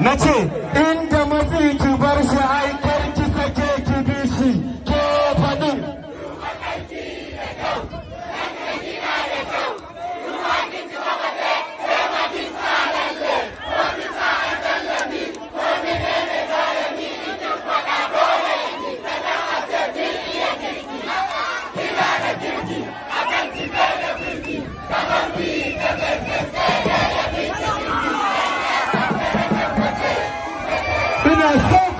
na ce inda matsi ki bar shi aikar ki sake ki bi shi ke faɗin ¡Gracias!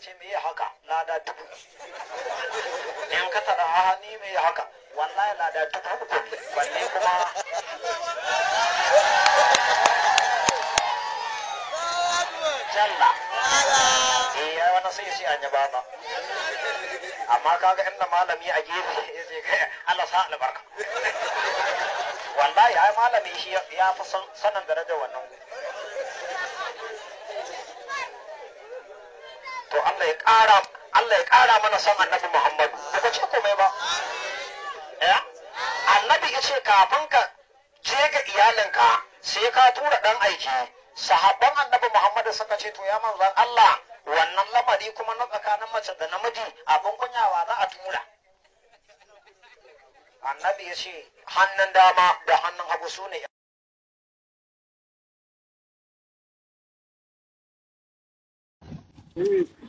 ce me haka lada dubu in ka tada a ni me haka wallahi lada dubu uku balle kuma jalla eh ya wani sai sai an yi ba amma kaga inda malami a gefe ya ce kai Allah sa albarka wallahi ai malami shi ya fi sanin darajar wannan to Allah ya ƙara Allah ya ƙara mana son annabi Muhammadu ka ce komai ba eh annabi ya ce kafin ka je ga iyalinka sai ka tura dan aiki sahabban annabi Muhammadu suka ce to ya manzon Allah wannan lamari kuma na tsakanin mace da namiji abin kunyawa za a tura annabi ya ce hannun dama da hannun hagu su ne Mm-hmm.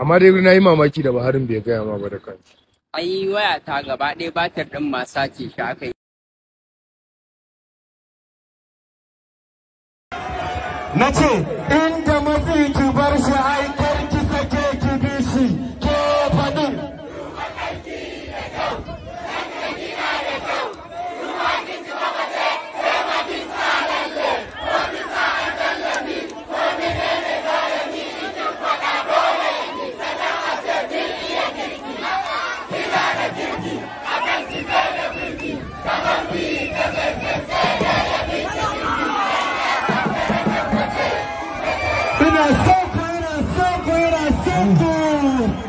amma dai na yi mamaki da baharin bai gaya ma ba da kansu ai waya ta gaba ɗaya ta ɗin masa ce shi aka yi na ce inda mafi tubar shi shi Thank